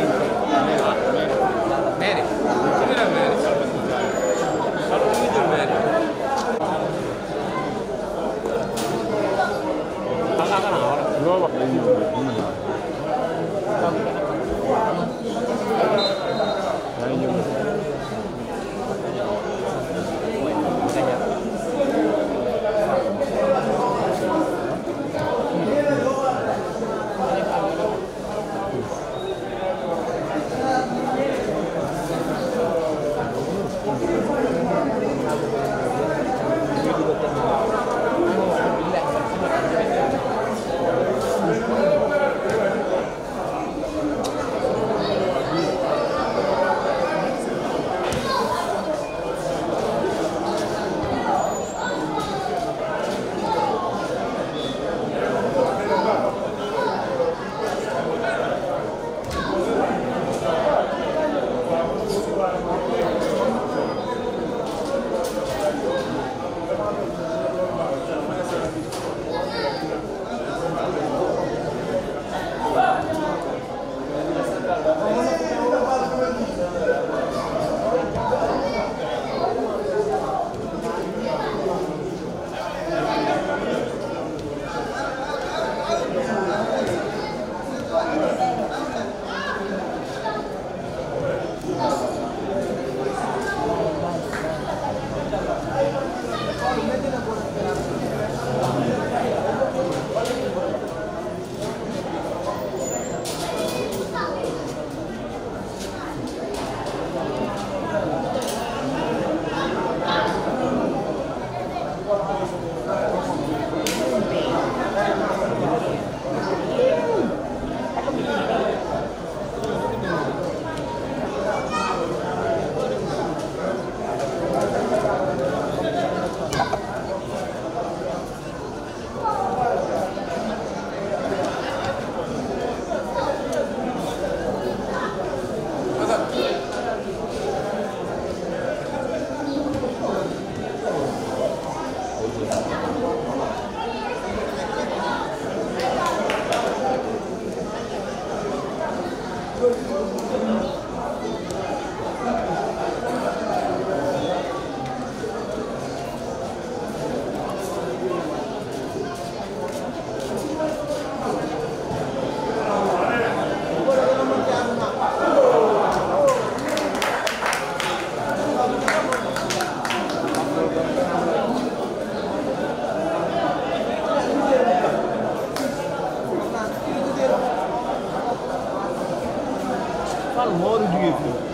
Gracias. Valora o dinheiro.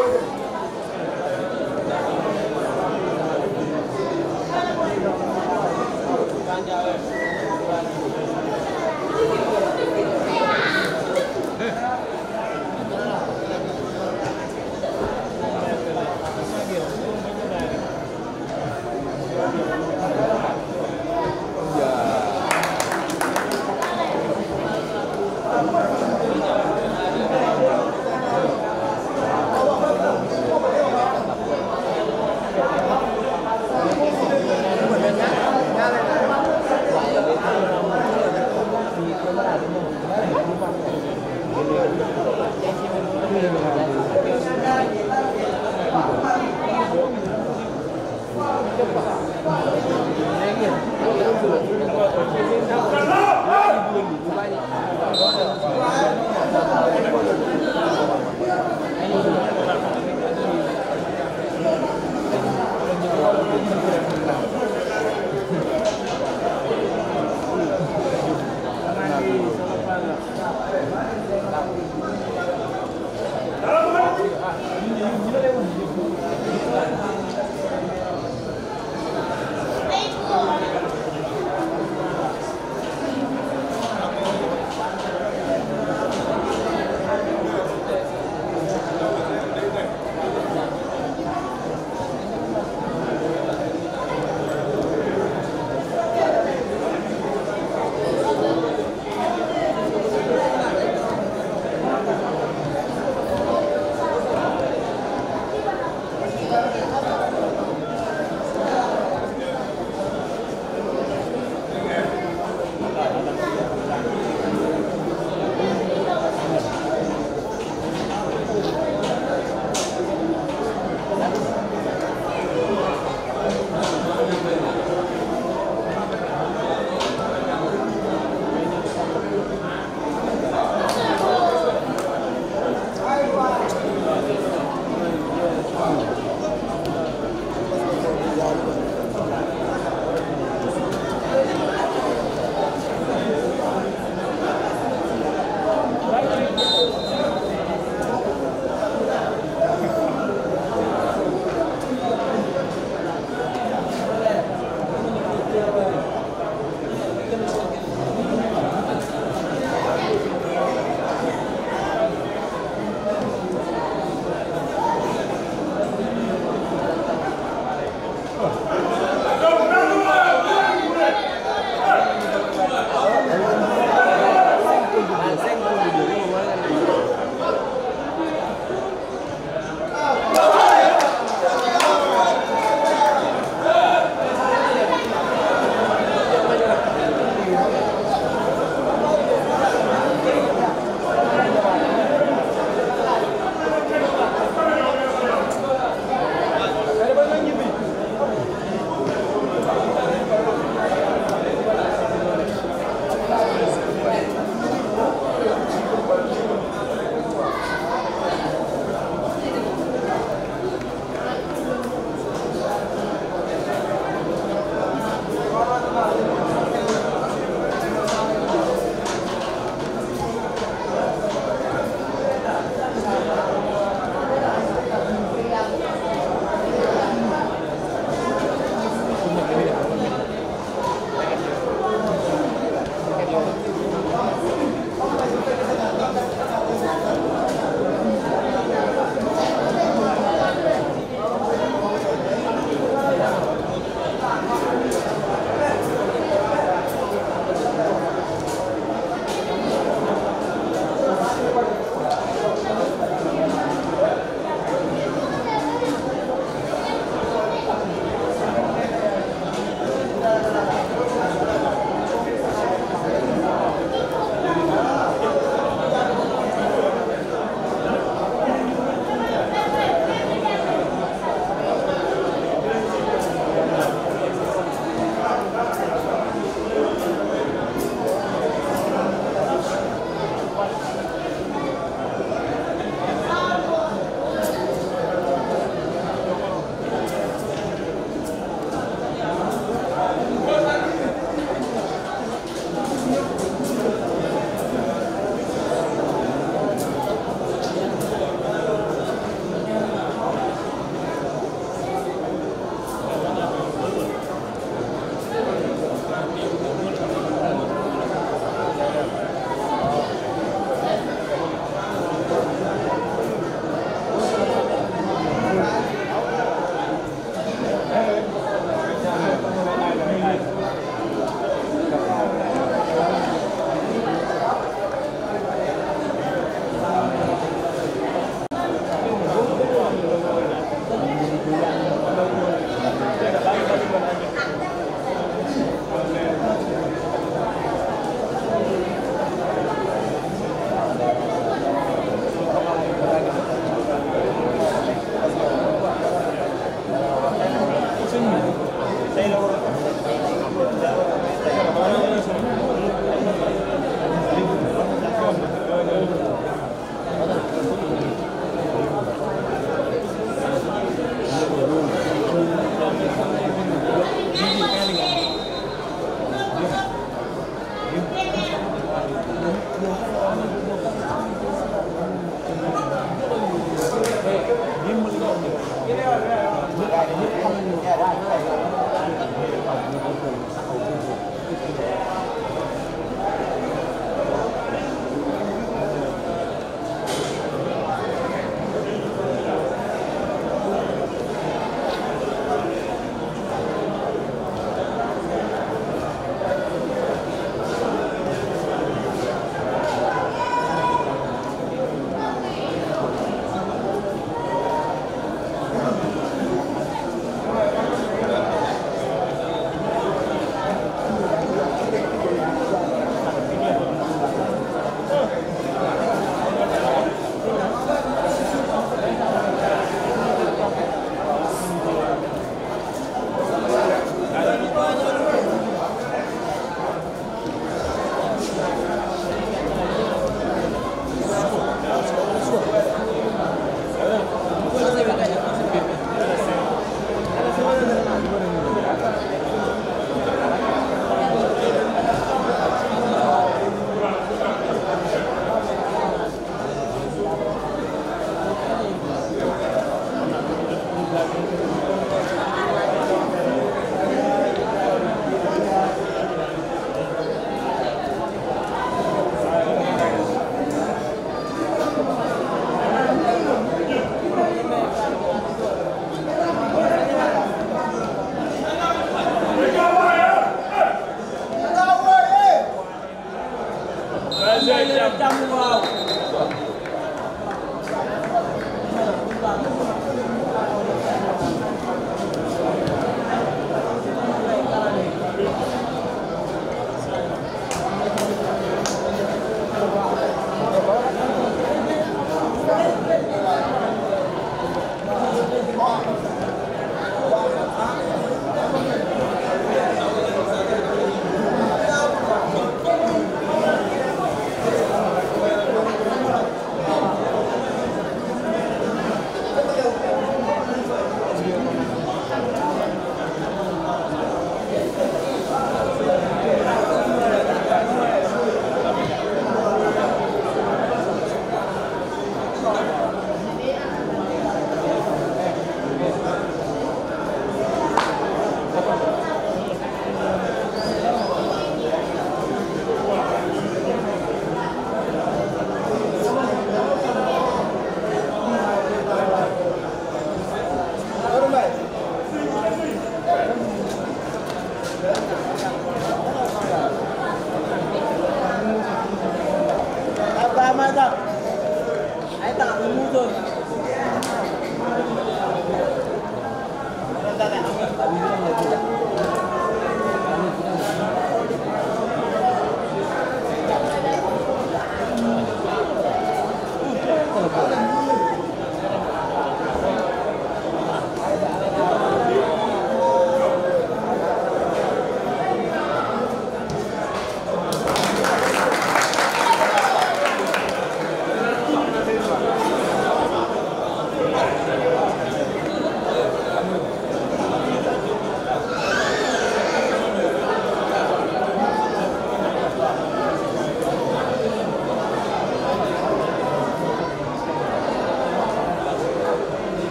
Thank you.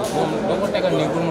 bi moom dama tegal nii bu